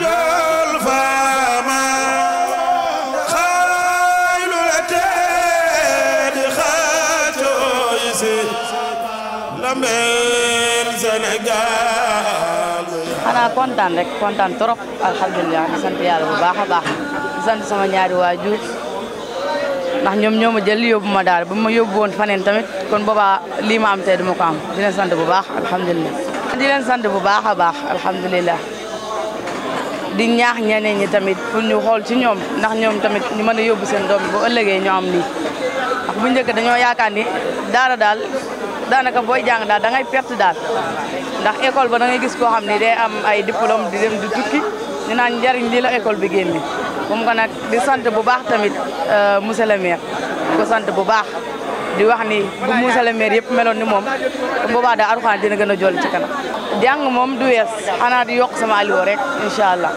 xanaa kontaan rek kontaan trop alhamdulilah di sant yàlla bu baax a baax di sant sama ñaari waajur ndax ñoom ñoo ma jël yóbbu ma daal bu ma yóbbu woon faneen tamit kon boobaa lii ma am tey duma ko am di leen bu baax alhamdulilah di bu baax a baax di ñaax ñeneen ñi tamit pour ñu xool ci ñoom ndax ñoom tamit ñu mën a yóbbu seen doom bu ëllëgee ñoo am lii ndax bu njëkk dañoo yaakaar ni daara daal daanaka booy jàng daal da ngay perte daal ndax école ba da ngay gis koo xam ni day am ay diplôme di dem di tukki ñu naan njariñ lii la école bi génne moom ko nag di sant bu baax tamit euh, monsieur le maire ko sant bu baax di wax ni bu Moussa le maire yep melon ni mom bu boobaa daa Alxuraan dina gëna jol ci kanam jang mom du di yok sama alio rek inshallah